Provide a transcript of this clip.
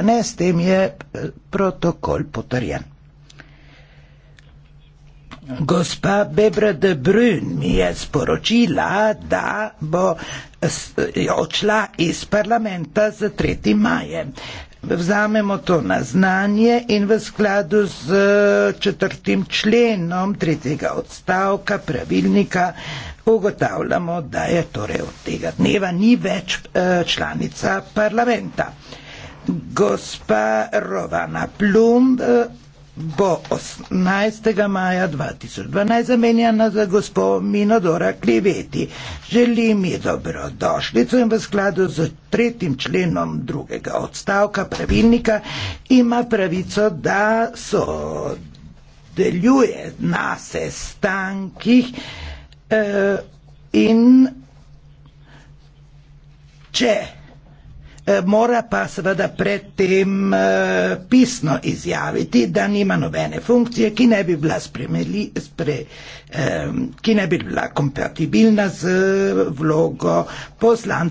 Ne, s tem je eh, protokol potrjen. Gospa Bebra de Brun mi je sporočila, da bo odšla iz parlamenta za 3. majem. Vzamemo to na znanje in v skladu z eh, četrtim členom tretjega odstavka pravilnika ugotavljamo, da je torej od tega dneva ni več eh, članica parlamenta. Gospa Rovana Plumb eh, bo 18. maja 2012 zamenjana za gospo Minodora Kliveti. Želim ji dobrodošlico in v skladu z tretjim členom drugega odstavka pravilnika ima pravico, da so deluje na sestankih eh, in če Eh, mora pa seveda predtem eh, pisno izjaviti, da nima nobene funkcije, ki ne bi bila, spremeli, spre, eh, ki ne bi bila kompatibilna z vlogo poslan,